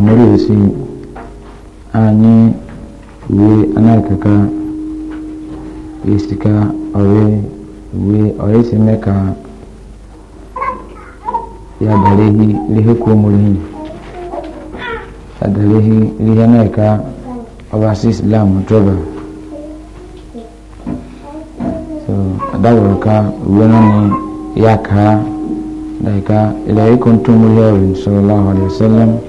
ọmọdé èsì anyị uwe anaghịkaka esika ọrẹ uwe ọrẹ si mee ka ya dalehi ihe kwuo mụrụhi ya dalehi ihe islam trọba so adawụrụ ka uwe naanị ya ka daika ilahi kuntum mụrụhi ọrịa sallallahu alaihi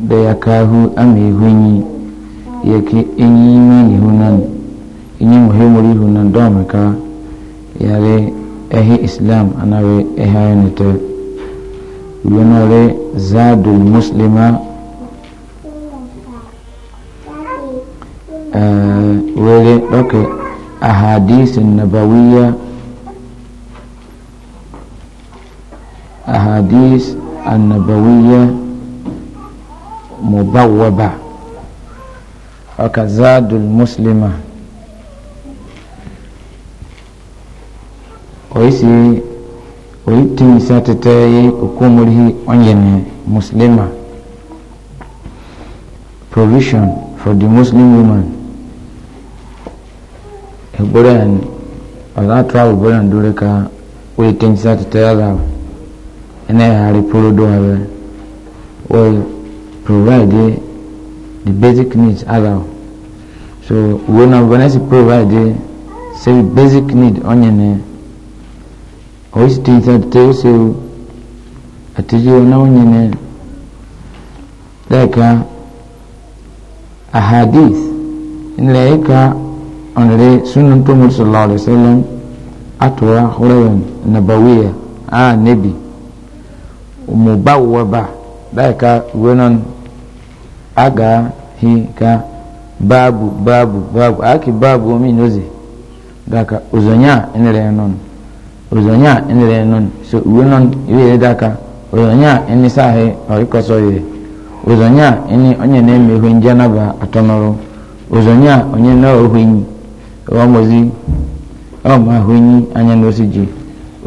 da ya kahu a mai hunyi ya ke inyi mani hunan inyi muhimmuri hunan don amurka yare ehe islam anare ehe ayanita yanare zadul muslima were ɗauke a nabawiya a annabawiya mubawwaba wakazadul muslima oisi oyitimisa tete okumurihi onyene muslima provision for the muslim woman egboran ọlátúwà ògbóran dúró ká oyitimisa tete yàrá ẹnẹ àárí polo dùn ẹwẹ wọ́n provide the basic needs allow so wo na bana si provide say basic need onye ne o si tin sa te se atiji ona onye ne daika ahadith in laika onre sunan to muhammad sallallahu alaihi wasallam atwa hurayan nabawiya a nabi mu ba wa ba daika wenon aga hi ka babu babu babu aki babu omi nozi daka ozonya enere non ozonya enere non so uwe non iwe daka ozonya eni sahi orikoso ye ozonya eni onye na-eme ihu nje naba atọnọrọ ozonya onye na ohunyi ọmọzi ọma ahunyi anya n'osiji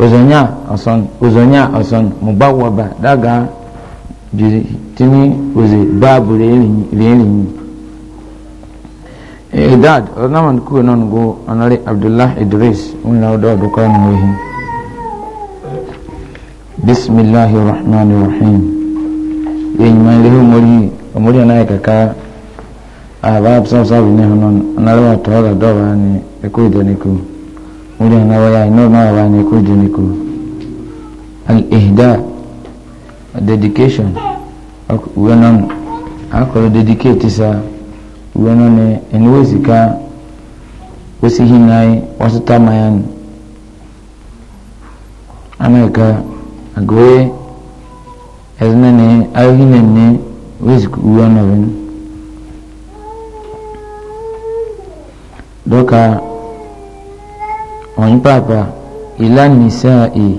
ozonya ọsọn ozonya ọsọn mụgbawaba daga jiri tini oze baabu reelinyi edad ọdụnaman kuwe nọ go anari abdullah idris nwunye ọdụ ọdụkọ nwehi bismillahi rahman rahim yenyi ma ilehe omori omori anaghị kaka aba absabsabi ne ho nọ anara wata ọda dọba ni ekwe idoniku omori anaghị ya ino na ọba ni ekwe idoniku al-ihdad dedication wenon akɔrɔ dedicate sa wenon ɛni wo sika wosi hinai wɔsi tamayan amɛka agoye ɛzinani ayohinani wosi wenon dɔka ɔnyi paapa ilanisa e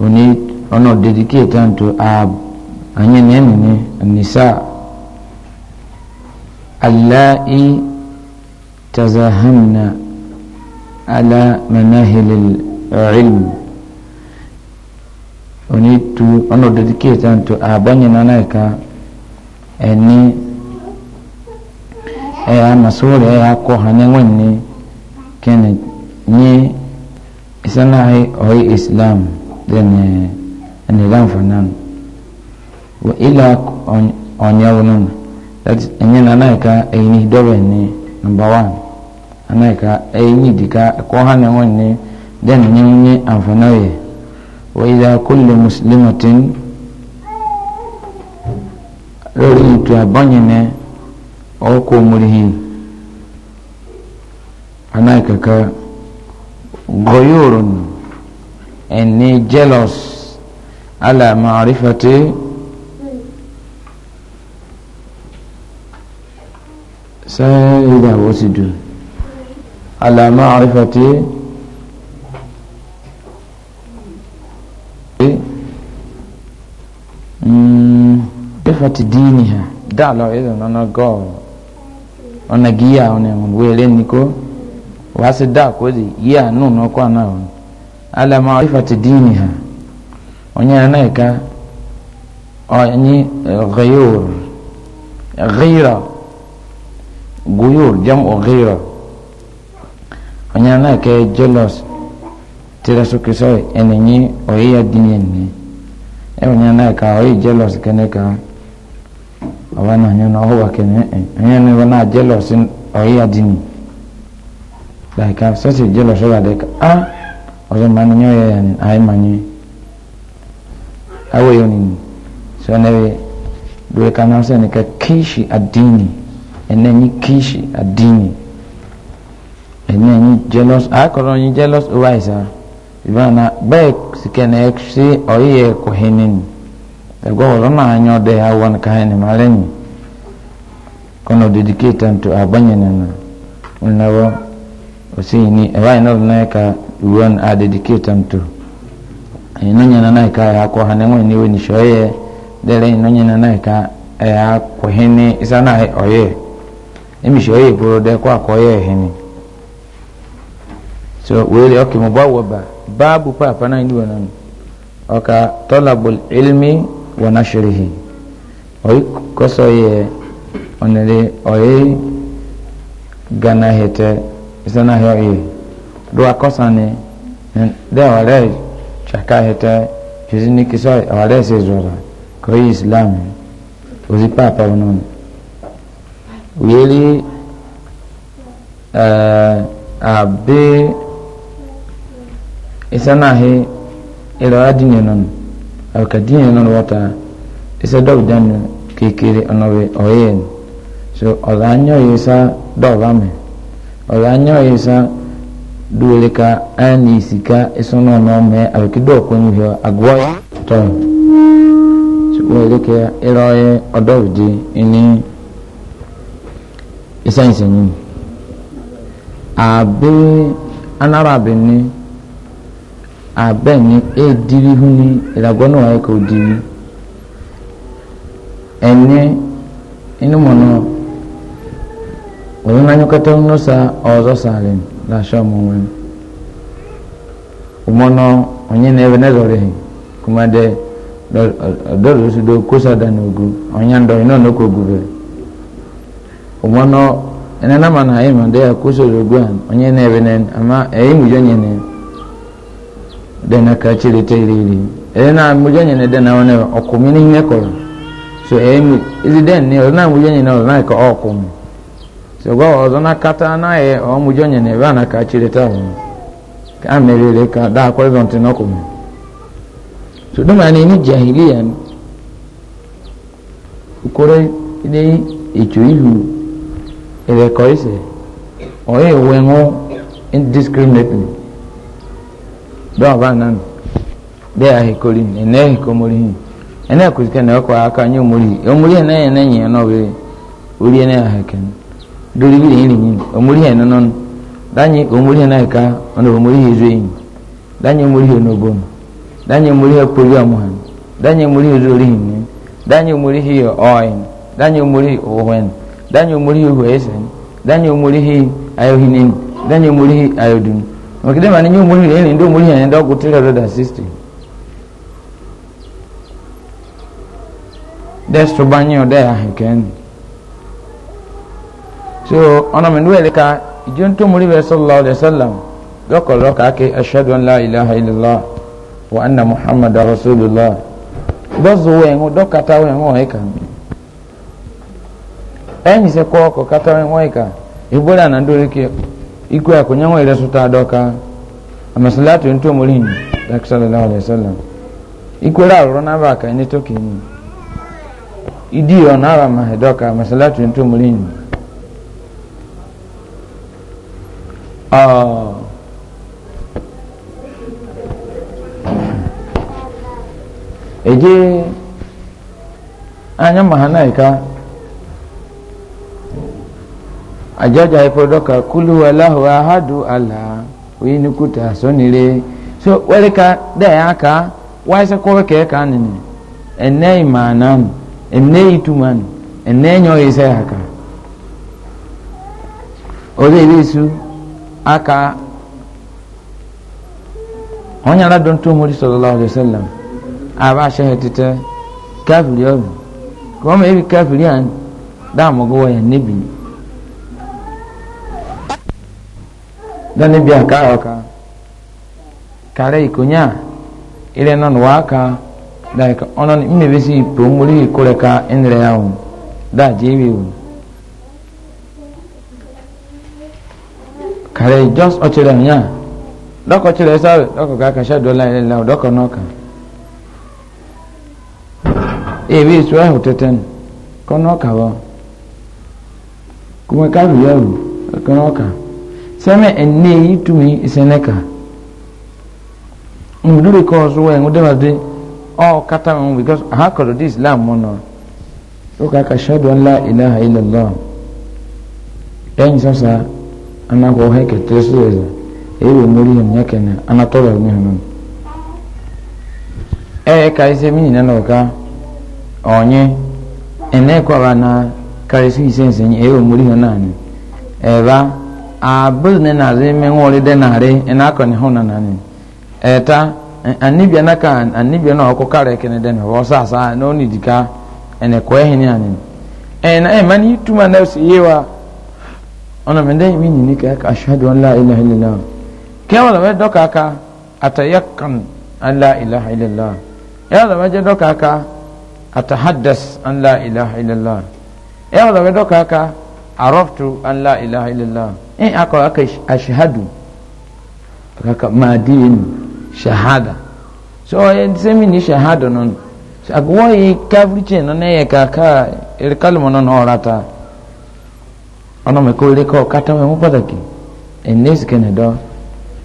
oni ono dedicate unto ab anye ne ne nisa allai tazahamna ala manahil ilm oni tu ono dedicate unto abanye nanaika eni e amasore e akohanye ngwenni kene ni isanahi oi islam then uh, nizam for nan wa ila onyawo nan that enye na anaika eyini dɔbɛ ni number one anaika eyini dika kɔha na wɔn ni den nye nye anfana yɛ wa ila kulli muslimatin lórí ìtò abọ́nyẹnẹ ọkọ̀ murihin anaika ka goyorun ẹni jealous على معرفة سيدة وسد على معرفة معرفة دينها دعلو إذا أنا قول أنا جيا أنا ويلين نيكو وحسد دا كوزي يا نون وكوانا على معرفة دينها onye anaghịka onye e, ghayur ghayra guyur jam o ghayra onye anaghịka e jealous tira su kiso enenyi oyi ya dinye ni e onye anaghịka oyi jealous kene ka ọba na e, onye na ọhụwa kene onye na na jealous oyi ya dinye like i'm so jealous over there ah ọzọ mmanụ nye oyi ya ni anyị manye awo yau ne so na we dole ka nan sai ne ka kishi addini ene yi kishi addini ene yi jealous a koro yi jealous over isa ibana be sike na eksi oyi e ko henin da go ro na anyo de ha won ka hen malen kono dedicate to abanyana na unawo osini e wa ino na ka won a dedicate to inonyana naika ya ko hanenwe niwe ni shoye dere inonyana naika ya ko hene isana oye emi shoye buru de ko akoye hene so wele oki mubawaba babu papa na ndiwe nan oka talabul ilmi wa nashrihi oyi koso ye onere oye gana do chaka heta jizini kisoi awalese zora koi islamu uzipapa ununi uyeli uh, eh, abe isanahi ilawa dine non awka dine non wata isa dog danu kekere onobe oyen so odanyo isa dogame odanyo isa ole ka ani isika esono ono me abikido kwenye hyo agwai toyo wele ke iroye odovidi ini isensenyi abe anarabi ni abe ni ediri hu ni ilagono e wa ka odiri ene inu mono oyunanyokata ọzọ ozo salin n'asọ mu nwere ụmụnọ onye na-ebe n'ezọrịghị kụmadị ọdọrọ osudo kosada n'ogu onye ndọ ịnọ n'okwu ogube ụmụnọ ene nama na anyị mande ya kosada ogu a onye na-ebe n'en ama eyi mụjọ onye na dị na ka chiri tere iri eyi na mụjọ onye na dị na ọnụ ọkụ mmiri ihe kọrọ so eyi mụ izi den ni ọdụ na mụjọ onye na ọdụ na-akọ ọkụ mụ sogwa ọzọ n'akata anaghị e, ọmụjọ nye na ebe a na-akachiri taa ka a meriri ka daa kwezọntị n'ọkụ sodoma na ini jahiliya ukore e ne echo ihu ẹ̀rẹ̀kọ́ ise ọ̀yẹ́ ìwé wọn indiscriminately na ndị náà na aka ní omori omori ẹ̀nẹ́ ẹ̀nẹ́ na ẹ̀nọ́ wẹ̀rẹ̀ na ẹ̀nẹ́ dori bi yin yin omori hen non danyi omori hen ka ono omori he zein danyi omori he no bom danyi omori he poli amhan danyi omori he dori hin danyi omori he oin danyi omori owen danyi omori he wesen danyi omori he ayohinin danyi omori he ayodun makide mani nyi omori hen ndo omori hen ndo kutira roda system desto banyo de ahiken so ọ̀nà mi níwèé lẹ́ka ìjọ tó mú ríbẹ̀ sallallahu alayhi wa sallam lọ́kọ̀lọ́ kàákẹ́ ashadu an la ilaha illallah wa anna muhammad rasulillah dọ́sù wẹ̀hún dọ́kata wẹ̀hún ẹ̀ka ẹ̀yìn sẹ́ kọ́ ọkọ̀ kata wẹ̀hún ẹ̀ka ìbúra náà dórí kí ikú àkùnyẹ́wọ̀n ìrẹsùtà dọ́ka àmàṣálàtò tó mú ríyìn lẹ́kẹ́ sallallahu alayhi wa sallam ikú rà rọ́ náà bá kà ní tókè ní Ah. eje anya mahanaika ajaja ipodoka kulu walahu ahadu ala uyinikuta sonire so weleka daya aka waisa koweke ka nini ene imanan ene ituman ene nyoyisa aka ozo ibisu aka onye ara don tó mori sallallahu alaihi wasallam aba shehe ọ kafiri ko ma ebi kafiri an da mo go nebi aka aka kare ikonya ile non wa aka da ka onon e si po mori ko ka enre yawo da jebi kare just ɔkyerɛ nya dɔkɔ kyerɛ sáré dɔkɔ kaka hyɛ dɔla yɛ lɛ dɔkɔ n'ɔka ebi esu ɛho tɛtɛn kɔ n'ɔka wɔ kuma ka bi ɛho kɔ n'ɔka sɛmɛ ɛnɛ yi tumi sɛnɛka ndúlé kɔ so wɛ ŋudɛ ma de ɔ kata because aha kɔdɔ di kaka hyɛ dɔla ilaha illallah ɛyin sasa. ana ko he ke tesu eza ewe muri hem nyake na ana tola mi hanu e ka ise mi na noka onye ene ko bana kare su ise nse ewe muri hanani eba a buzne na ze me ngori de na re ena ko ne na naanị. eta anibia na ka anibia na ọkụ kare ke ne de na wo sasa no na dika ene ko he ni ena e mani tuma na yewa ona mende mi ni ka ka ashhadu an la ilaha illallah ke wala be doka ka atayakkan an la ilaha illallah ya wala be doka ka atahaddas an la ilaha illallah ya wala be doka ka araftu an la ilaha illallah in aka aka ashhadu kaka madin shahada so yen semi ni shahada non agwo yi kavriche non e kaka ir kalmo non ọ̀nà mi kò lè kọ́ kátà mi mú pàtàkì ẹ̀ní èsì kẹ́nì dọ́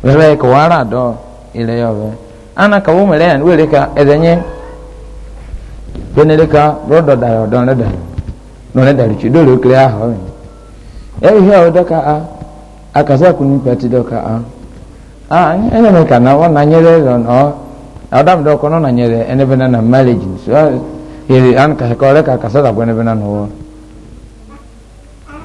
wẹ́rẹ́ kò wá rà dọ́ ilẹ̀ yọ̀ bẹ́ ana kàwé mẹ́rẹ́ yẹn wẹ́rẹ́ ka ẹ̀dẹ̀ yẹn bẹ́nẹ́rẹ́ ka rọ́dọ̀ dà ọ̀dọ́ rẹ̀ dà lọ́rẹ́ dà lùtù dọ́rẹ́ òkèrè ahọ́ mi ẹ̀rì hẹ́ ọ̀ dọ́ka a akasa kunu pẹ̀tì dọ́ka a a ẹ̀yẹ mi kà náà wọ́n nà nyẹ́rẹ́ lọ́nà ọ̀dàmdọ́kọ̀ náà nà nyẹ́rẹ́ ẹni bẹ́ẹ̀ nà mẹ́lẹ̀jì so ẹ̀rì anà kàkọ́ rẹ̀ kà kasa dàgbọ́ ẹni bẹ́ẹ̀ nà nà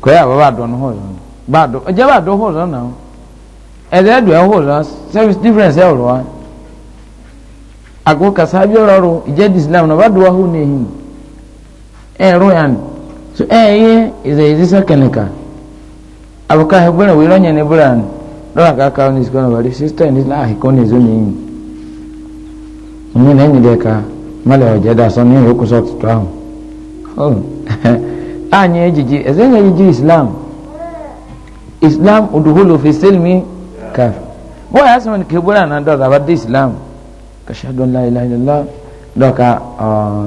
kɔyɛ ababa adɔn hɔ yɛ ba adɔ ɛjɛ ba adɔ hɔ zɔn na o ɛdɛ do ɛhɔ zɔn service difference ɛwɔ wa ago kasa bi ɔrɔ ro ìjɛ di islam na ba do wa ho ne him ɛro e yan so ɛyɛ ɛdɛ yɛ sisa kɛnɛka aboka hɛ bɛrɛ wɛrɛ nyɛ ne bɛrɛ ani lɔra kaka ne sikɔn na wari sista ne la ahi kɔn ne zo ne yin ɔmo na ɛnyɛ dɛ ka mali ɔjɛ da sɔn anya ejiji eze nya ejiji islam islam uduhulu fi silmi kaf bo ya sama ke bura na da zaba da islam ka shahadu la ilaha illallah doka uh,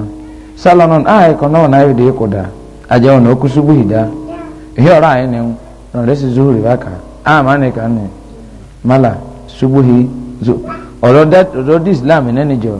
salanon, a ah, ko no na yide ko da aje ona okusubu hida ehi ora ayi ne no resi zuhuri baka a ah, ma ne kan ne mala subuhi zu oro da oro islam ne ne jo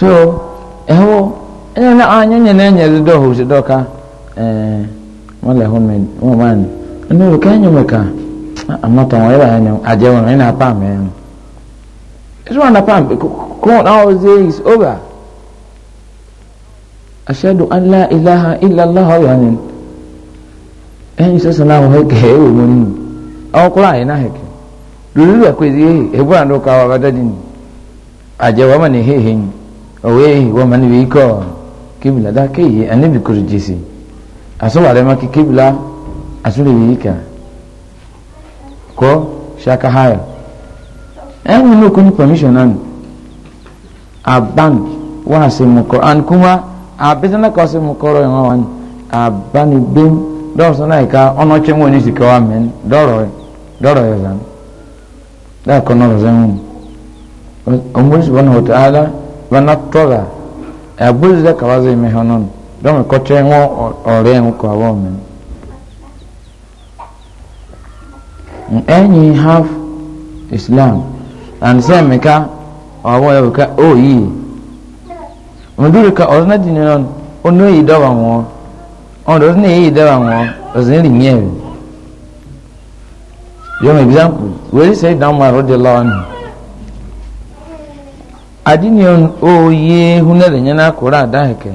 so ɛhɔ ɛna na anya nya na anya de dɔhɔ si dɔka ɛɛ wɔn lɛ hɔn mɛn wɔn mɛn ɛna o kɛ nyɛ mɛ ka ama tɔn wɔn yɛ ba yɛ nyɛ agye wɔn ɛna apam yɛ no ɛsɛ wɔn na pam kɔn na ɔwɔ zɛ is over ahyɛdo an la ilaha illa allah ɔyɛ ɔnyɛ ɛn sɛ sɛ na wɔn hɛ kɛɛ wɔ wɔn mu ɔwɔ kora ayɛ na hɛ kɛ lulu ɛkɔ ezi yɛ ebu ando ka wɔ abadadi ni agye wɔn ma ne hehe ni owe wa mani wi ko kibla da ke yi ani bi kuru jisi aso wale ma ki kibla aso le wi ka ko shaka haya en mu permission an a bank wa se mu ko an kuma a bizana ko se mu ko ro en wan a bani bim do so na ka ono che mu ni si ko amen doro e, doro yazan e da ko no zan mu umur subhanahu wa ta'ala vanatola abuliza kabaze mehonon dome kote ngo ore ngo kwa women any half islam and say meka awo ya ka o yi mudure ka ozna dinon ono yi dawa ngo on ozna yi dawa ngo ozna ri nyewe yo example where say down my radiyallahu anhu adinion oye hunere nyana kura dahike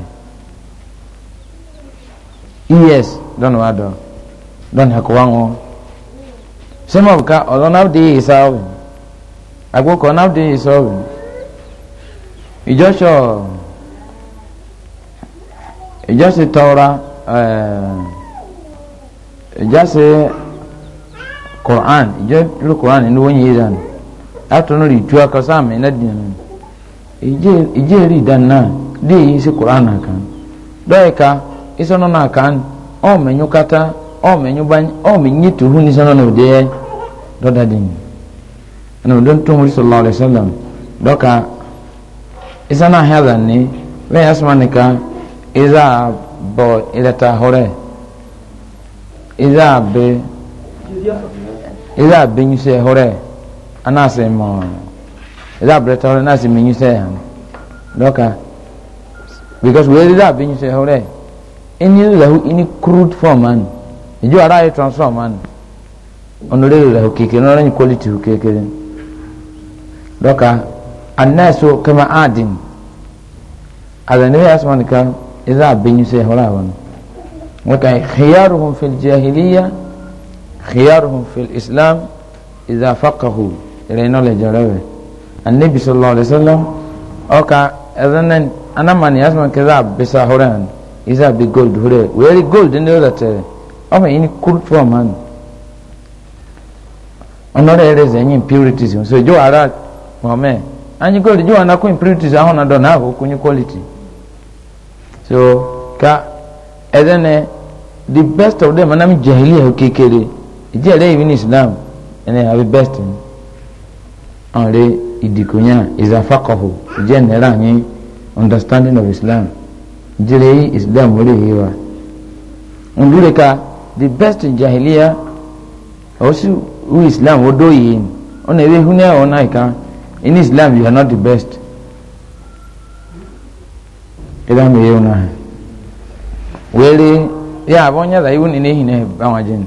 yes don wado don hakwango sema ka olona di isawo agbo kona na de isawo ijoso ijose tora eh ijase quran ijo lu quran ni wonyi dan atunu ri tuaka sam na dinu ijeri danna de yi se qur'an kan dɔyi ka isɔnɔ na kan ɔn mɛ nyu kata ɔn mɛ nyu ban ɔn mɛ nyi tuhu ni sɔnɔ na o deɛ dɔda de ni ɛna o don tó mori sɔlɔ alayi sɛlɛm dɔka isɔnɔ hɛlɛ ni bɛyɛ asoma ni ka iza bɔ ilẹta hɔrɛ iza be iza be nyusɛ hɔrɛ ana mɔɔ ɛdá abirɛta hɔ n'asi mi nyisɛ hàn dɔka because wòye ɛdá abi nyisɛ hɔ rɛ ɛni lɛhu ɛni crude form anu ìjọ ara yɛ transform anu ɔnulẹ̀ lɛhu kékeré n'ɔlɛ ní quality hu kékeré dɔka anɛɛso kama aadin alɛnɛ yɛ asoma nika ɛdá abi nyisɛ hɔ rɛ wɔn wɔka khiyaruhum fil jahiliya khiyaruhum fil islam ɛdá fakahu ɛdá yɛ n'ɔlɛ النبي annabi sallallahu alaihi wasallam oka ezanen anamani asman keza bisa horan isa bi gold hure weri gold ndi oda tere ama ini cool form man onore ere zenye impurities so jo ara mame anyi gold jo ana ko impurities ahona do na ko kunyi quality so ka ezene the best of them anam jahiliya kekere ije re even islam ene have best on re idikunya izafakahu general ni understanding of islam jire islam wuri hewa ndure ka the best jahiliya osu u islam wodo yin ona ewe hunya ona ika in islam you are not the best ila mi yona wele ya abonya da iwu ne hine bawajin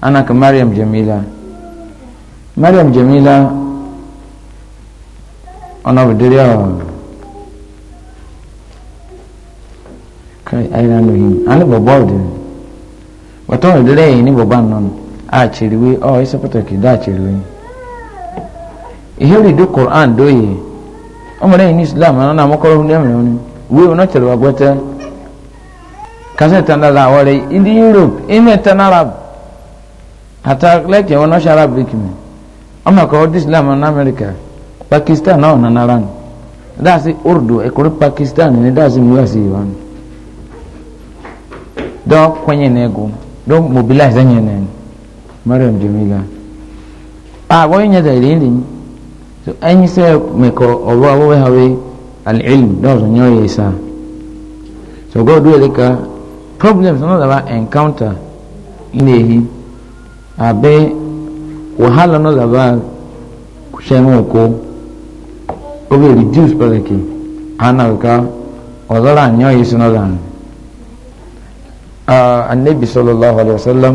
ana ka maryam jamila maryam jamila ọ̀nà kai àwọn na no him ani bɔbɔ ɔdiri bɔtɔ ɔdiri yɛ ni bɔbɔ anɔ no a akyeriwe ɔ ɛsɛ pɔtɔki do Ihe iheri do koran do yɛ ɔmɔ dɛ ni islam anɔ na mɔkɔrɔ hu dɛmɛ wɔn wei wɔn ɔkyerɛ wagbɔtɛ kasa tanda la awɔre indi europe indi ɛtɛn arab ata lɛkyɛ wɔn ɔhyɛ arab bikimi ɔmɔ kɔ ɔdi islam anɔ america pakistan náà nana rani dáàsì urdu ẹkùnrin pakistan ni dáàsì us yìí wọn dọ́ kwenye n'ego dọ́ mobilize ẹ̀yẹ n'ẹni mariam jamila a wọ́n yẹn dẹ̀ lé lé so ẹ̀yin sẹ́ mẹ́kọ̀ ọ̀rọ̀ awọ́wẹ́ hawe alilm dọ́ọ̀sọ̀ nyẹ́ ọ̀yẹ́ sá so god wẹ́ẹ́ lẹ́ka problems náà dábàá encounter ní abe àbẹ́ wàhálà náà dábàá kùsẹ́ oge reduce peleke ana ka ọzọrọ anyọ yi si n'ọzọ anyị annabi sallallahu alaihi wasallam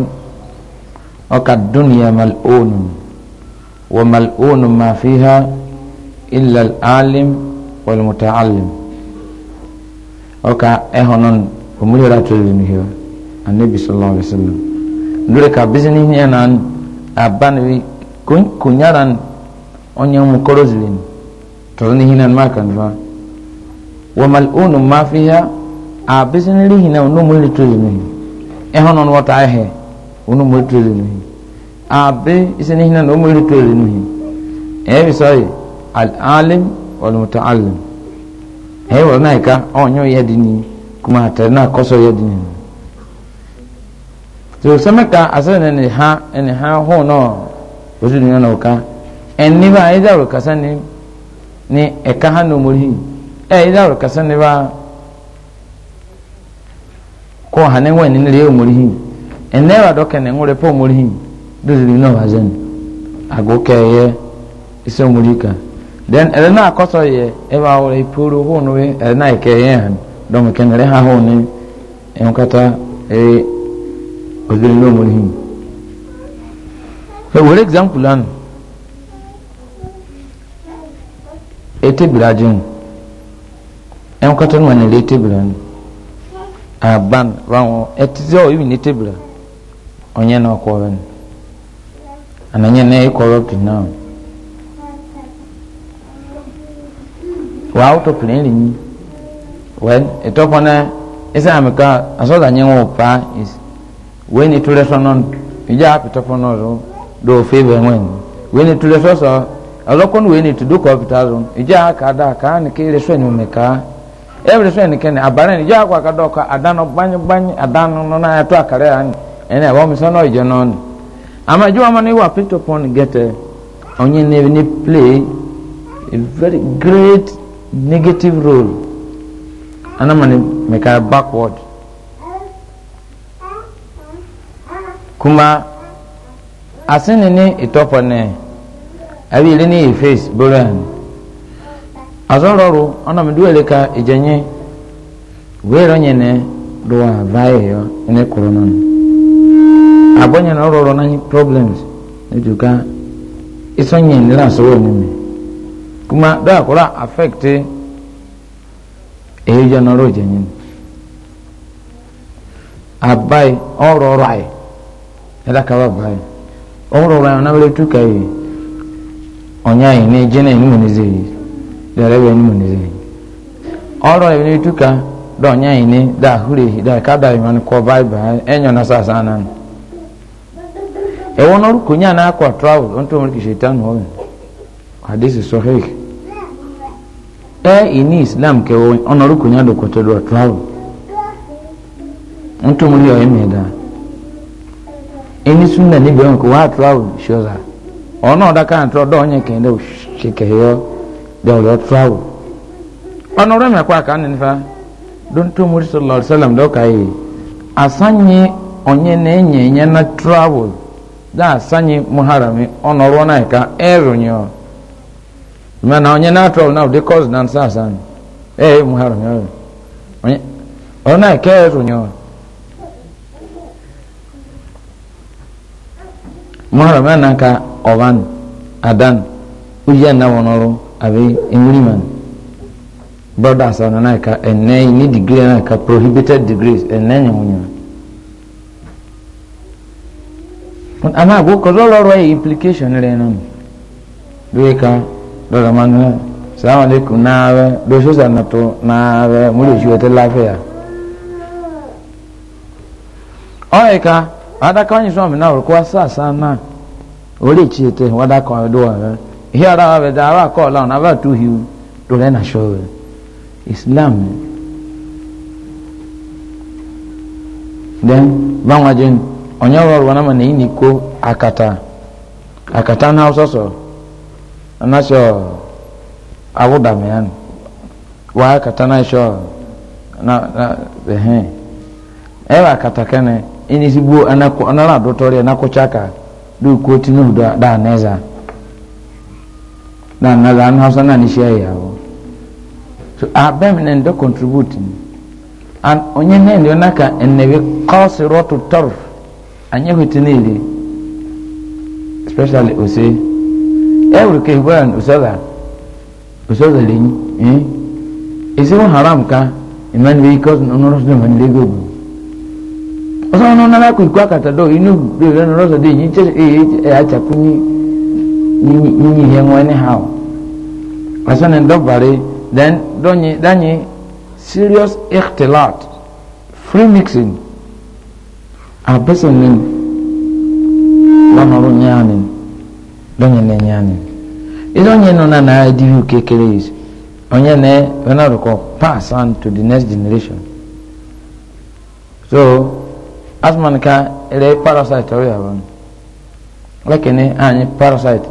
ọka duniya mal'onu wa mal'onu ma fi ha illa al'alim wal muta'allim ọka ehonon omurira tuli ni hiyo annabi sallallahu alaihi wasallam ndure ka bizini hiya na abani kunyaran onye tɔrɔni hinan ma kan ba wa mal'unu ma fiha a bisinili hina unu mu ilitu zinuhi ehonon wata ahe unu mu ilitu zinuhi a bi isini hina unu mu ilitu zinuhi e bi sai al'alim wal muta'allim he wa na ka onyo yadini kuma hatarna koso yadini to samaka asana ne ha ne ha ho no wasu dunya na ka en ni ba ida ro kasani ni ɛka ha na omori ɛ ɛdá ɔrɔ ne ba kɔ ha ne ne omori hi ɛnɛ wa dɔ omori hi ziri na zɛn ago kɛyɛ ɛsɛ omori ka then ɛdɛ na akɔsɔ yɛ ɛba ɔrɔ iporo hɔn no ɛdɛ na ha ne hi etebiri ajin ɛn kɔtɔ no wɔn etebiri no aban wɔn ɛti sɛ ɔyɛ ne etebiri ɔnyɛ na ɔkɔɔrɔ no ananyɛ na ɛyɛ kɔrɔpt naa wɔn awotɔ plane ni wɔn etɔpɔ na ɛsɛ amika asɔdza nyɛ wɔn paa is wɔn ni tu lɛ sɔ nɔ ɛgya apitɔpɔ nɔ do do o favour wɔn wɔn ni tu sɔ sɔ ọlọ́kọ́ni wèé ni tùdú kọ́ fìtá zọ́n ìjà àkàdá àkàá ni kí irisọ́ ẹni mi kàá ẹ̀rì sọ́ ẹni kẹ́ni àbárẹ̀ ni ìjà àkọ́ àkàdá ọkọ àdánù gbányúgbányú àdánù nínú ayatọ́ àkàrẹ́ àní ẹni àwọn mi sọ́nà ìjọ náà ni. àmọ́ ìjọba ọmọ ni wà pító pọ́n gẹ́tẹ̀ ọ̀yìn ni ni play a very great negative role anamani mẹ́ka backward. kuma asínì ní ìtọ́pọ̀ náà abi ile ni face boran azororo ona mi duele ka ijenye wero nyene doa vae yo ne corona abonye na ororo na problems eduka isonye nla so wo ni kuma da kora affect eyo na ro jenye abai ororo ai ela ka ba bai ororo na le tukai onyayi ne jene ni munizeyi darebe ni munizeyi ọrọ ibi tuka da onyayi ne da hure da kada iman ko baiba enyo na sasa nan ewo noru kunya na akwa travel onto mo ki shetan ho hadis sahih e ini islam ke wo onoru kunya do ko to do travel onto mo yo emeda ini sunna ni be on wa travel shoza ọ̀nà ọ̀dàkà ntọ́ dọ́ ọ̀nyẹ́ kẹ́hìn dẹ́ ṣèkẹ́yọ́ dẹ́ ọ̀rẹ́ tíráwò ọ̀nà ọ̀rẹ́ mẹ́kọ́ àká ní nífa dóńtó mu sọ sẹ́lẹ̀m dọ́kà yìí àsányé ọ̀nyẹ́ ní ẹ̀yẹ̀ ẹ̀yẹ́ ná tíráwò dá àsányé muharami ọ̀nà ọ̀rọ̀ náà ẹ̀ka ẹ̀rù nyọ muharami ọban adan ujian na wọn ọrụ abi enwuriman brothers ọna na ka ene ni degree na ka prohibited degrees ene nye wọn nyina ama agwo kọzọ lọrọ ya implication rẹ nọ lóye ka lọrọ ma nínú salamu alaikum naare lóṣù sànàtò naare mo lè ṣe ọtí láfẹ̀yà ọ̀rẹ́ ka adaka onye yìí sọ àmì náà rẹ̀ kó wá sáà ori chete wada ko do ara hiara be da ara ko la na ba tu hiu to le na show islam then banwa jin onya wor wana ma ni ko akata akata na ososo ana sho awuda me an wa akata na sho na na eh eh ewa akata kene ini sibu anako anara dotori anako chaka duk ko tinubu da da neza da na da hausa na ni share yawo so abem ne da contribute an onye ne ne naka enebe qasiratu tarf anye hutinile especially ose every ke ban usada usada lin eh ise haram ka iman bi cause no no no man lego ọsọ wọn nana kò ikú akatadọ inú bèrè lẹnu lọsọ dé yìí tẹ ẹ ẹ atsakú ní yìnyín yẹn wọn ẹni ha o asẹni dọbàrẹ then dọnyi danyi serious ikhtilat free mixing abẹsẹni lọnọrọ nyaani dọnyi nẹ nyaani idọnyi nọ na na adiwi kekere yìí onye nẹ ẹ ẹ na rẹ kọ pass on to the next generation so asman ka ile parasite ori abon lakini anyi parasite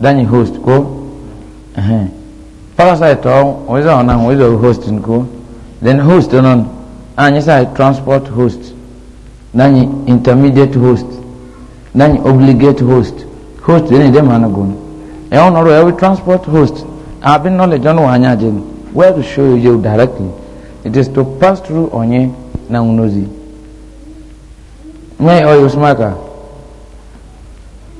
dani host ko uh parasite o wizo ona wizo host ko then host non anyi sai transport host dani intermediate host dani obligate host host ni dem hanagun e on oro every transport host i've been knowledge on wanya jin where to show you directly it is to pass through onye na unozi nye oyo smaka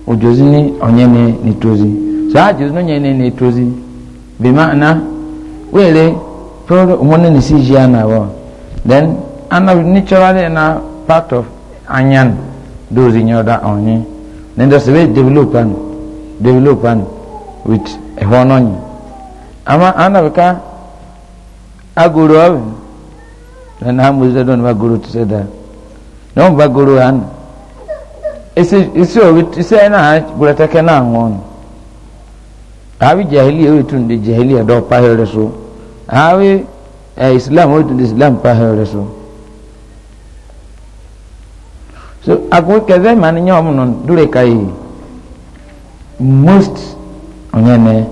ujuzi ni onyene nituzi saa juzi no nyene nituzi bimaana wele poro umone ni sijia na wa then ana naturally na part of anyan dozi nyoda onye then just we develop an develop an with ehononyi ama ana ka aguru na then hamu na maguru tuseda na wọn ba goro ha no esi esi obi esi ɛna ha buratɛkɛ na ahoɔ no awi jahiliya o tun de jahiliya dɔw pahɛrɛ so awi ɛ islam o tun islam pahɛrɛ so so akun kɛfɛ maa ni nyɛ wɔn no dure ka yi most ɔnyɛnɛ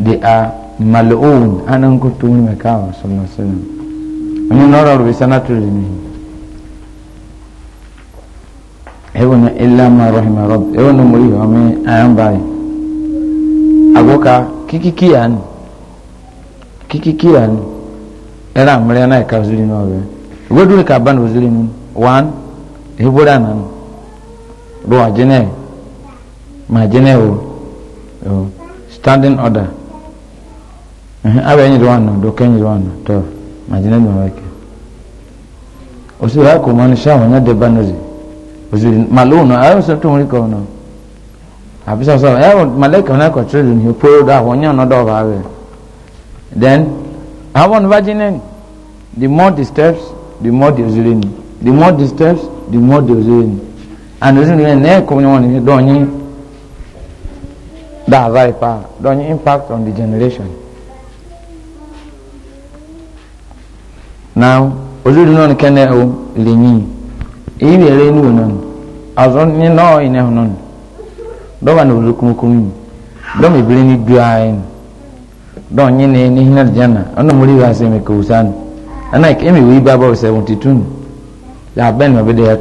they are maloon ana nkoto wɔn mɛ kaa wɔn sɔmɔ sɛnɛ ɔnyɛ nɔrɔ rubisana tuuri mi ẹwọn ilá máa rọhìmà rọb ẹwọn ní mo rí ọmọ ayọ́n báyìí agoka kíkíkí àánú kíkíkí àánú ẹ̀rọ àmúrẹ́ náà ẹ̀ka òsìrì náà rẹ̀ ìwédúró kà bá ní òsìrì mu wán ìhúbọ́dà nànú ló wà jẹ́nẹ̀ màá jẹ́nẹ̀ standing order abẹ́ ẹ̀yìn ìdíwọ̀n náà dókè ẹ̀yìn ìdíwọ̀n náà tọ́ màá jẹ́nẹ̀ ní wọ́n wáyé kẹ́ òsìrì àkọ́mọ́ni sáwọn ọ̀nyá dé bá nọ́ọ̀sì ozuri malone ayo se to muri ko no abisa so ayo malaika na ko tre ni po da wonya no do ba we then awon vaginin the more the steps the more the ozuri ni the more the steps the more the ozuri ni and ozuri ni na ko ni won ni do yin da vai pa do yin impact on the generation now ozuri no ni kene o le yin èyí bí ẹrẹ inú ọ̀nà azọ ní ìnà ọ̀nà ni dọ́wà ní olùkúnkún mi dọ́mọ ìbílẹ̀ ní ju ara ẹni dọ́ọ̀ nyi ní ní hinna jana ọ̀nà mo rí wa kò mi wí bá bọ́ọ̀ yà bẹ́ẹ̀ ni ọ̀bẹ dẹ̀ yà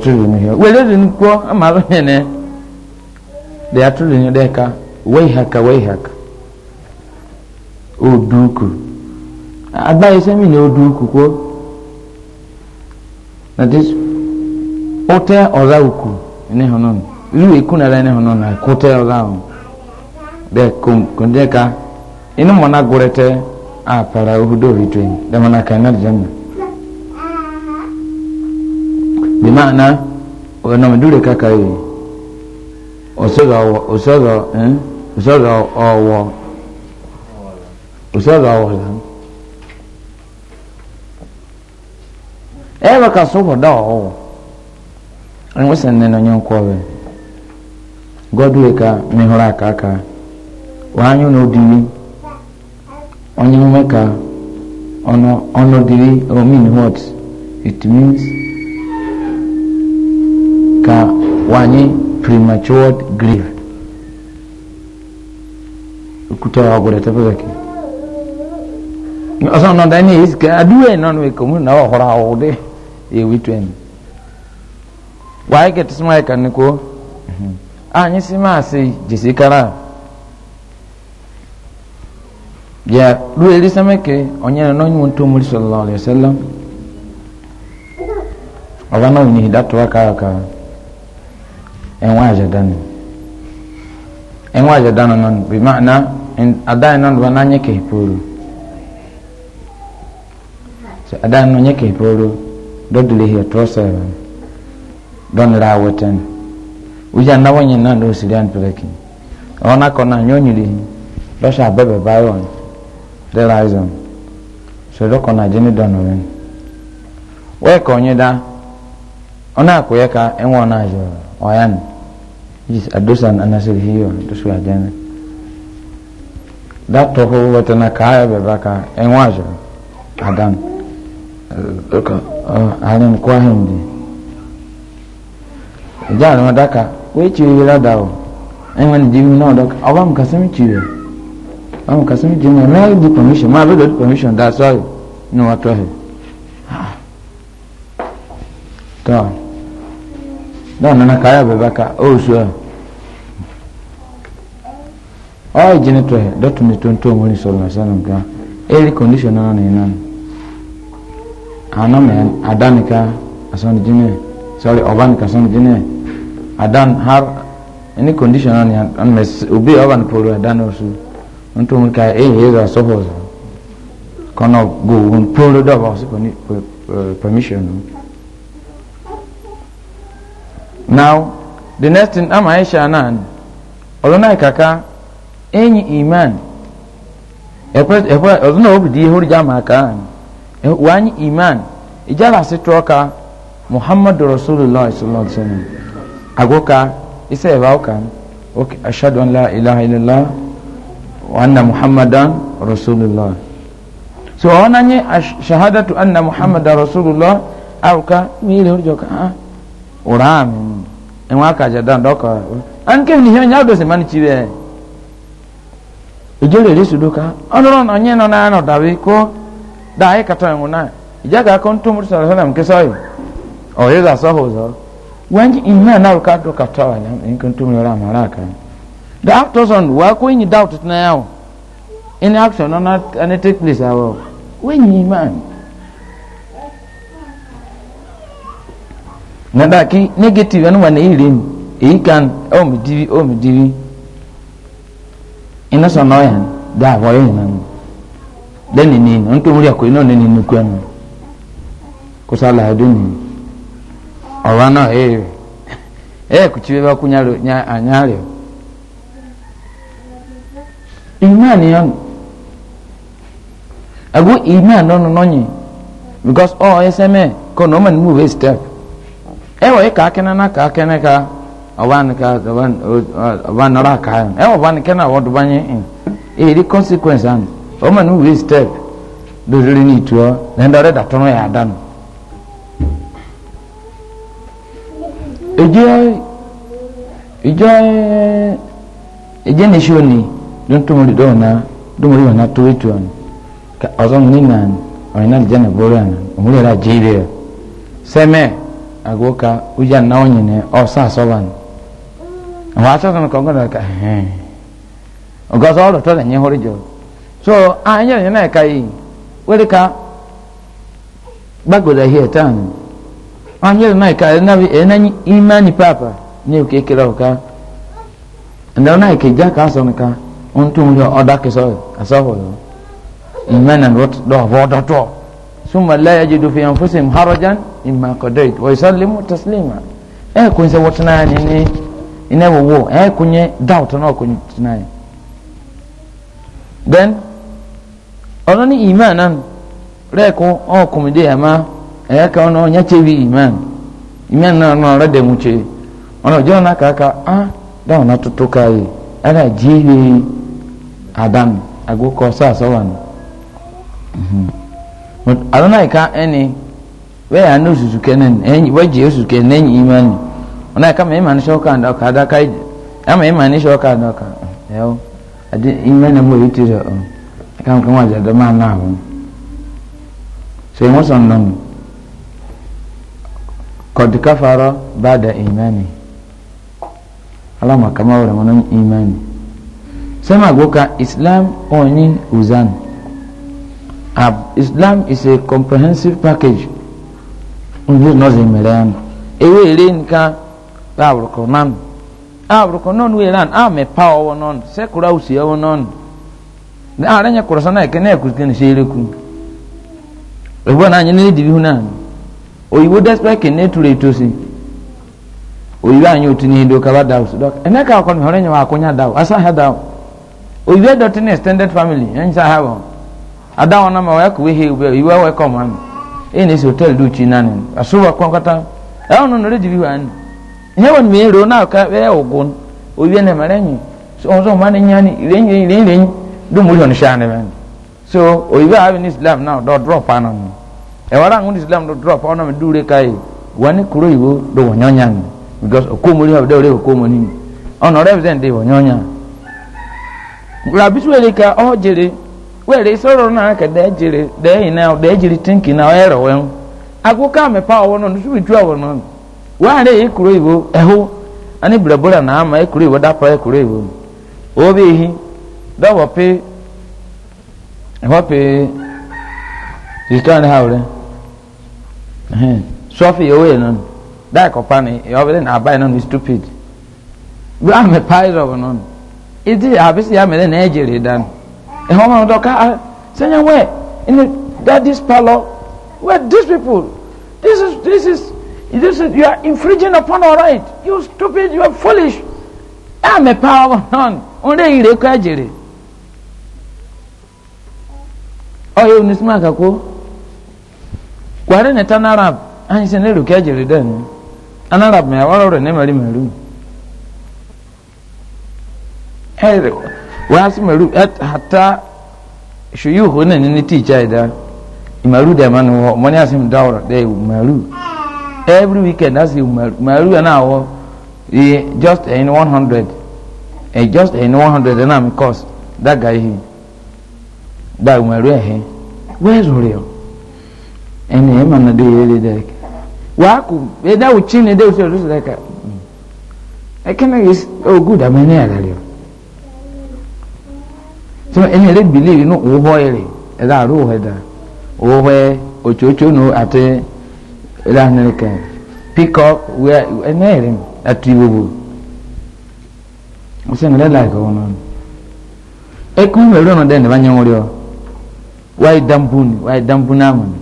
wẹ́ẹ́ lóde yẹn dẹ̀ yà wẹ́ẹ̀ ó dúkù agbáyé sẹ́mi ó dúkù ote ọza uku ne ho non iru eku na ne ho non na kote ọza ho de kon konde ka inu mona gorete a para uhudo vitwen de mona ka na janna bi maana ono medure eh, ka ka yi osoga osoga eh osoga owo osoga owo ebe ka sobo da owo Enwesan nene onye nkwa nkwobe. Godwe ka mehụrụ aka aka. Wa anya na odiri. Onye ume ka ọnụ ọnụ diri o mean what? It means ka wanye premature grief. Okuta wa gore tabe yake. Ọsọ nọ dani is ka aduwe nọ nwe na ọhụrụ ahụ dị ewi 20. Wa kẹtù sọmọ ẹ̀ka ko anyi si máa se ya kara yà lu elisameke ọ̀nyẹ́ wọn tó múri sọ̀rọ̀ lọ́wọ́ ẹ̀sẹ̀lẹ̀ ọba náà ní ìdátọ́wá káàkà ẹ̀wọ̀n àjàdánu ẹ̀wọ̀n àjàdánu náà bí màánà adáyé náà lọ́wọ́ náà nyẹ́ kẹ̀hìpọ̀rọ̀ adáyé náà nyẹ́ kẹ̀hìpọ̀rọ̀ dọ́dúlẹ̀ yẹ don la woten uja na na do sirian peleki ona kona nyonyiri do sha bebe bayon de so do kona jini don wen we ko ona na jo oyan jis adusan anasir hiyo da to ko wotena kaya bebe ka enwo ajo adan ka alin ah, kwa ja na daka we chiri ra o en wan di na daka awam kasam chiri awam kasam na di ma be do permission that's why no what to da na na kaya be baka o a o jini to he dotu ni tonto mo ni sallallahu alaihi wasallam ka eri condition na na ni na ana me jini sorry oban kasan jine adan har any condition on yan on mes ubi oban polo adan osu nto mun ka e eh, he eh, za so ho kono go un polo da ba so permission now the next thing am aisha nan olona kaka enyi iman ekwe ekwe ozuna obi di hori jama kan wanyi iman ijala sitroka muhammadu rasulillah sallallahu alaihi wasallam agoka isa eba oka ok ashadu an la ilaha illallah wa anna muhammadan rasulillah so ona nye tu anna muhammadan rasulillah aruka wile urjoka ha urami enwa aka jadan doka anke ni hiyo nyado se mani chibe ijole risu doka onoro na nye no na no dawe ko da ai kato enuna ijaga kon tumur sallallahu alaihi wasallam kesoyo oyeza oh, sahoza wanji inna na ukato katawa in kuntum yara maraka the actors on wa ko in doubt na yawo in action on not an take place awo when yi man na da ki negative anu wana irin e kan o mi divi o mi divi ina so no yan da wo yin na den ni ni on to muri ko ina ni ni ku ko sala aduni ọ̀rọ̀nà ẹ̀rẹ̀ ẹ̀kùtì bẹ́ẹ̀ kú nyàrẹ̀ o ìmọ̀ nìyẹn agun ìmọ̀ nọ́nù nọ́nyì because ọ̀ ẹsẹ̀ mẹ́ kọ́ ní ọmọ ní move a step ẹ̀ wọ̀ ẹ̀ kàákẹ́nẹ́ náà kàákẹ́nẹ́ ká ọ̀bánì ká ọ̀bánì ọ̀rọ̀ àkáyọ̀ ẹ̀ wọ̀ ọ̀bánì kẹ́nà ọ̀wọ́ dùbá yẹn ẹ̀ èyí consequence and ọmọ oh, ní move a step lórí ní ìtura ẹ̀ ń dọ̀rẹ́ dàtọ́rọ̀ yà á dànù. eje eje eje ne shoni don to mori dona do mori na to etu an ka azon ni nan orina jana boran omuri ra jibe seme agoka uja na onyine o sa soban wa ta kan kon ka he oga so ro to le nyi hori jo so anya ni na kai wele ka bagoda here tan anyere na ka na bi ena imani papa ni ke kira ka nda na e ke ja ka so ka on tu mu oda ke so aso ho yo imana rot do ho do to summa la yajidu fi anfusihim harajan imma qadait wa yusallimu taslima e kun se na ni ni ina wo wo e kunye doubt na kunye tnai then onani imanan reko o kumide ama ɛyɛ ka ɔno ɔnya kyɛ bi iman iman na ɔno ɔrɛ dɛm kyɛ ɔno ɔgye ɔna kaka a da ɔna toto ka yi ɛna gye yi adan ago kɔ sa asɔwa no adana ika ɛni wɛyɛ ano susu kɛnɛ ɛnyi wɛgye susu kɛnɛ ɛnyi iman ni ɔna ika ma ima ne hyɛ ɔka ndɔ ka adaka yi ama ima ne hyɛ ɔka ndɔ ka ɛyɛ adi iman na mo yi ti sɛ ɔ ɛka mo kɛ mo adi adama anaahɔ sɛ ɛmo sɔn nɔ no. قد كفر بعد إيمانه alama kama wara manan imani sama goka islam onin uzan Ab islam is a comprehensive package ndu nozi meran ewe ile nka abruko nan abruko non we ran a me pa owo non se kura usi owo non na aranya kura sana ekene ebo na anyi ni dibi oyibo despite kene tụrụ etosi oyibo anyị otu n'ihe dị ụkaba daw emeka akọ na ọrịa nyewa akwụnya daw asa ha daw oyibo edọtị n'extended family ya nsa ha bụ adaw na ma ọ e e ya kụwa ihe ube oyibo awa ịkọ mami eyi na-esi hotel dị uchi naanị asụwa kwankọta ẹ ọ nọ n'ọrịa jibi hụ anyị ihe wọn mee ero na ọka ya ọgwụ oyibo na mara enyi ọzọ mmadụ enyi anyị ire enyi ire enyi dum ụlọ nhyɛ anyị so oyibo ahụ n'islam na ọ dọ drọp anọ nọ ẹwàrà àwọn islam ló drop ọ̀nà mi dúró ká yìí wọn ní kúrò ìwó ló because okómori ọ̀dẹ́ òde okómori ni ọ̀nà represent wọ̀ nyọ́nyà. rabisu wẹ̀rẹ̀ o oh, ọ́ were soro na náà kẹ̀ dẹ́ jèrè dẹ́ yìí náà dẹ́ jèrè tínkì náà ẹ̀rọ wẹ̀hún. akókò àmì pa ọwọ́ náà nítorí ju àwọ̀ náà wàhálà yìí kúrò ìwó ẹ̀hó ẹni náà dápọ̀ òbí yìí dọ́wọ́ pé ẹ̀họ́ pé hàwùrẹ́. sɔfi ewu yɛ nɔnu daa kɔpa ni ɔbɛlɛ na aba yɛ nɔnu stupid bila mɛ paayi rɔba nɔnu iti abisi ya mɛlɛ na ɛgyere dan ɛhɔn ma dɔ ka sɛnyɛ wɛ ɛnɛ that this parlour where these people this is this is this is you are infringing upon our right you stupid you are foolish ɛhɔn mɛ paayi rɔba nɔnu ɔn de yire kɔ ɛgyere ɔyɛ onisuma kako kwari ne tan arab anyi se ne ruke jere den an arab me awara re ne mari meru ere wa si meru at e, hatta shuyuhu ne ni ti jaida imaru da manu ho moni asim dawra de maru every weekend as you maru na ho just in 100 eh just in 100 and am cost that guy he that maru eh where's real ɛnna ɛma na de yɛrɛ dɛ waako ɛda wo kyi ne de o sɛ o sɛ dɛka ɛkɛnɛ is o good ama ɛnɛ yɛrɛ lɛ so ɛnna yɛrɛ believe no wo hɔ yɛrɛ ɛda aro wo hɔ da wo hɔ yɛ otsotso no ate ɛda ne kɛ pick up wia ɛnɛ yɛrɛ atu iwobo o sɛ ɛnna yɛrɛ like ɔwɔ nɔ ɛkún mɛlɛ ɔnɔ dɛ ɛnna ba nyɛ ŋɔri ɔ wa yi dambu wa yi dambu n'amu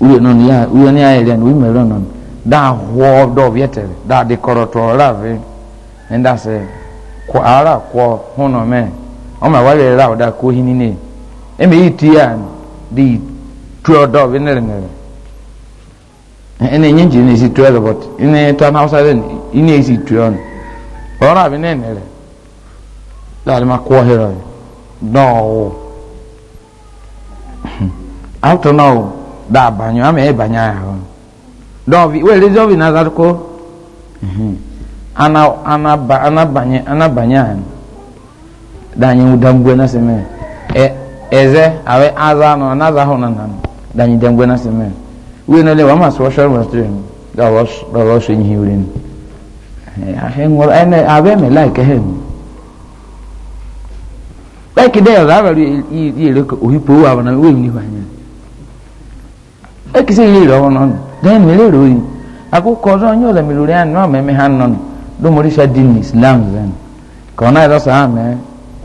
uye non ya non da ho do vietere da de koroto rave and that's a ara kwa hono me o wale ra da ko hini ni iti ya di tro do vinere ne ene nyinji but ine ta usa den ine si tro on ora vinere ne da no now da banyụ ama ịbanye ahụ dọvi were dọvi na azakọ ana anaba anabanye anabanye ahụ danye mgbe na seme e eze awe aza no anaza ahụ na nan danye mgbe na seme we no le wa mas wa shor mas trim da wa da wa shin hiwrin ahe ngor ene abe me like him like there that very you look ohipo abụọ na we ni hwanya ekisi yi rɔwɔ nɔni dɛn mi lero yi ako kɔzɔn nyɔ le mi lori ani nɔmɛ mi hã nɔni do mo risa di ni islam zɛn kɔnɔ yɛrɛ sɔ hã mɛ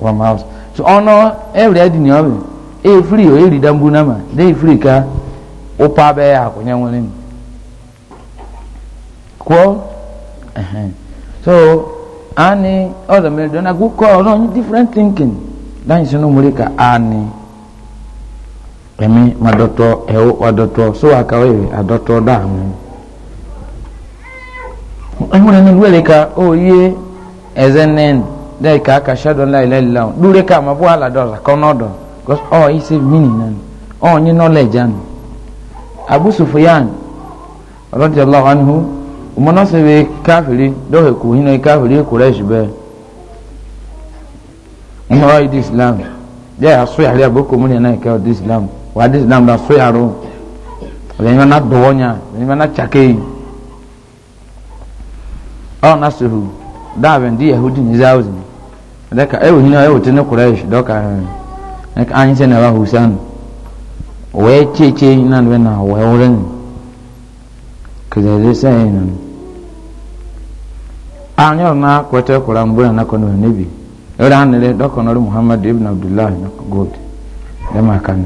wɔm house so ɔnɔ ɛwuri adi ni ɔbi eye firi o eri dambu nama de ye firi ka o pa bɛ akonya ŋɔni ni kɔ ɛhɛn so ani ɔlɔmɛ dɔn ako kɔ ɔlɔn different thinking lanyi sinu mo ri ka ani emi wadɔtɔ ɛwo wadɔtɔ so akawo ewe adɔtɔ da amu ehun ɛni wele ka oye ɛzɛnɛn dɛ ka aka shadɔ la ilẹ lila o lure ka ma fo ala dɔ akɔnɔ dɔ because ɔ yi se mini nani ɔ nye knowledge ani abu sufiyan rɔdiyallahu anhu umɔnɔsɛ be kafiri dɔw eku hinɛ kafiri ekurɛsi bɛ ɔmɔ ayi islam dɛ aso yari aboko mu ni ɛna yi ka di islam. wadis nam da soya ro zenima na dowonya zenima na chakei ọ oh, na suhu daabe ndị yahudi ni zauzin daka ewu eh, hina ewu eh, tene kureish doka nek anyi se na ba husan wee cheche na nwe na wee wuren kizere se nan anyo na kwete kura mbura na kono nebi ora anele dokono muhammad ibn abdullah na god dema kan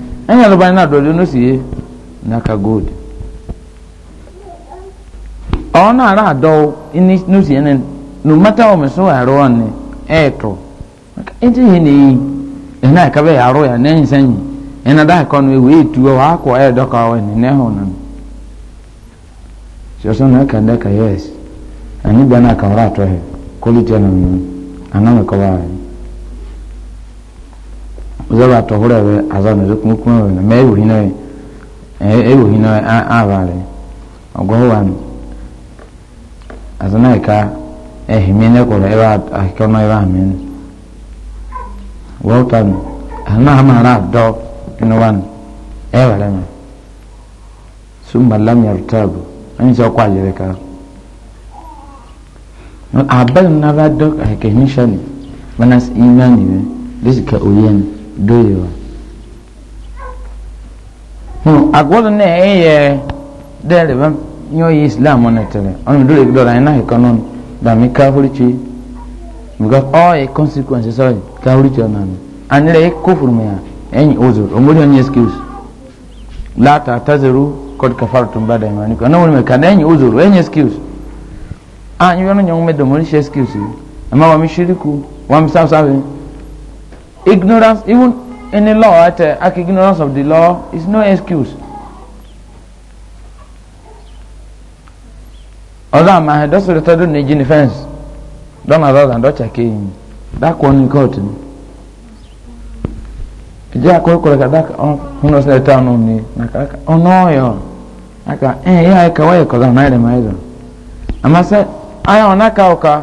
ɛnyɛ no ban na dɔde no sie naka gold ɔwɔ no ara adɔw ini no sie ne no mata wɔ so wɔ ɛrɔ ɛɛtɔ nti hɛ na yi ɛna ɛka bɛ yɛaro ya ne nsa nyi ɛna da ɛkɔ no ewu etu wɔ akɔ ɛyɛ dɔka wɔ ne ne ho no sɔsɔ na ɛka ndɛ ka yɛs ɛni bɛ na ka wɔrɔ atɔ hɛ kɔlitɛ na mu anam ɛkɔ wɔ uzaba tohura we azana zo kuma kuma we me ewu hina we ewu e hina we a vale ogo wan azana e ka e himine ko lewa e akona ewa men wotan ana mara do ino wan e wala me summa lam yartabu ani so kwa jere ka abel na va dok akenisha ni manas imani we this ka oyeni Do you? hmm agwado na eye dere ba nyo islam na tere on do le dola na he kanon da mi ka hurichi because all the consequences are ka hurichi onan and le kufur me en uzur omuri on excuse la ta taziru kod kafartum bada imanikum ana wani me kada en uzur en excuse ah nyo no nyo me do mori excuse ama wa mishiriku wa msamsabe ignorance even in the law at uh, like ignorance of the law is no excuse ọdọ àmà ẹdọsọrọ tọdún ní jí ní fẹǹsì dọnà dọdà kéyìn dákọ ní kóòtù ní ìjẹ àkọ ìkọlẹ ká dákọ ọhún ọsẹ táwọn ní nàkàkà ọnà ọyọ nàkà ẹ ẹ yà ẹka wáyé kọlá náà ẹdẹmà ẹdọ àmà sẹ ayọ ọ̀nà kàwọkà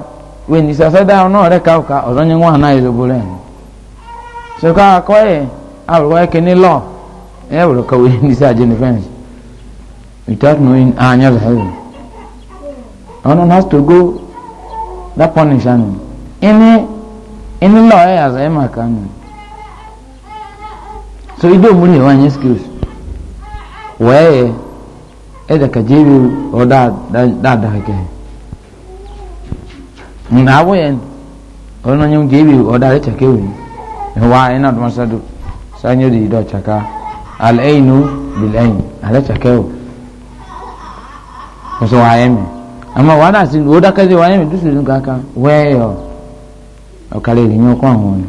wẹ̀ ní sàṣẹ dáhùn ọ̀rẹ́ kàwọkà ọ̀dọ́ so ka kɔɛ awurɔ kini lɔ ɛ awurɔ ka wuli ni saa jeni fɛn without knowing ah nyɛ la hɛrɛ ɔno has to go that punish ano ɛni ɛni lɔ ɛ yaza ɛ ma so mu ni wa nye skills wee ɛ da ka jeebi ɔ daa daa daa kɛ naabu yɛn ɔno nyɛ wa ina da masadu sanyo da ido chaka al'ainu bil ain ala chaka o so wa yemi amma wa da sin oda kaje wa yemi dusu sun kaka weyo o kale ri nyo kwa hon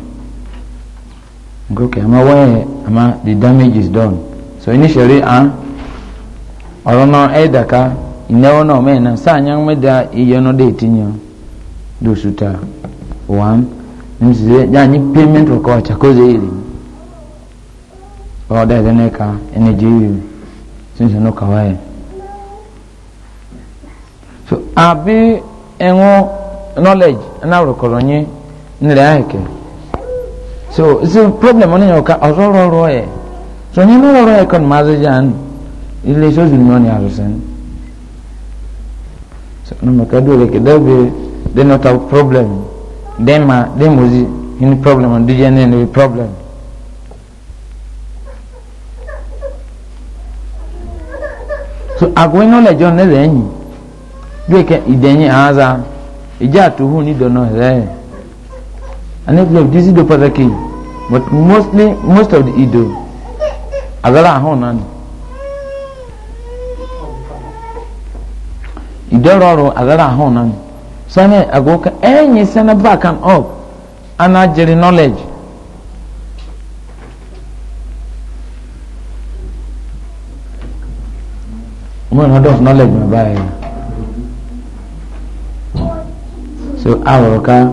go ke amma we amma the damage is done so initially an ọ̀rọ̀ náà ẹ̀dà ká ìnáwó náà mẹ́rin náà sáà nyá ń mẹ́ta iye ọ̀nà dé ìtìyàn lóṣù ta one msize yani payment ukawa chakoze hili oda ezeneka energy hiyo sinso no kawaye so abi enwo knowledge na urokoronye nile yake so it's a problem oni yoka ororo roye so ni no roye kon mazajan ile so zulmoni arusen so no makadule kidabe they not have problem then ma then was it any problem and did any problem so agwe knowledge on the any, be ke idenye aza ija to who need know there eh? and if like this is the pataki but mostly most of the ido agala honan idoro agala honan sani agoka enyi sani ba and up ana jiri knowledge mo na dɔn knowledge mi ba yi so awɔrɔ ka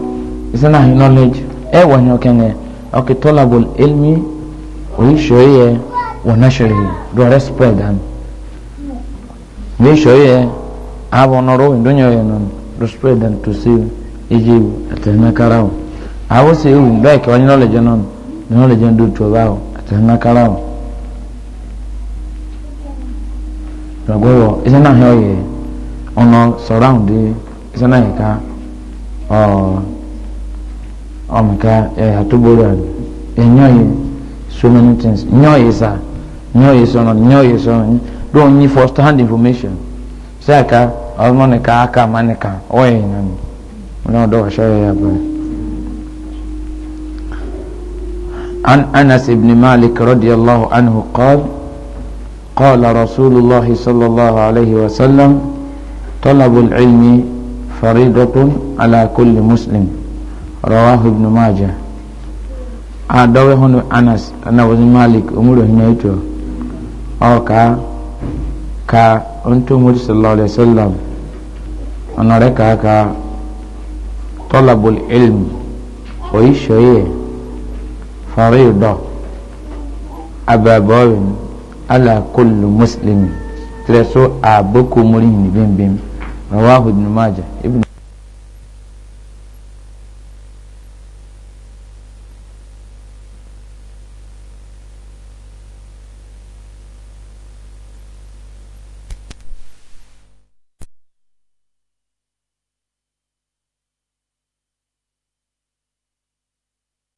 sani ahi knowledge ɛ wɔ nyɛ kɛnɛ ɔkè bol elmi oyi sori e, yɛ wɔ na sori yɛ dɔwɛrɛ spread am oyi sori yɛ abɔ nɔrɔ wɛ ndonyɛ yɛ nɔnɔ spread and to save ejiwu atẹnakara o àwòsàn ewu bẹẹ kẹwàá ní nọlẹjẹ náà ní nọlẹjẹ ń dòtú ọba o atẹnakara o lọgbọwọ iṣẹ náà yọ yẹ ọnà surround iṣẹ náà yẹ ká ọ ọmọka ẹ àtúbọrọ àná ẹ nyọ yẹ so many things nyọ yẹ sá nyọ yẹ sọnà nyọ yẹ sọnà lóun ní first hand information ṣáà ká almonika aka manika oye nani wọn dọ ọsọ yẹ yabẹ. عن أنس بن مالك رضي الله عنه قال قال رسول الله صلى الله عليه وسلم طلب العلم فريضة على كل مسلم رواه ابن ماجه أدوه هنا أنس أنا وزن مالك أمور هنا يتو أو كا كا أنتم صلى الله عليه وسلم ọ̀nà rẹ̀ kàákà tọ́làbùl ilm oríṣiríṣi fàríìdọ̀ abàbọ̀rin alákòlù mùsùlùmí tẹ̀sọ́ àbókù múrí nìbímbím rawahu ibn majah ibn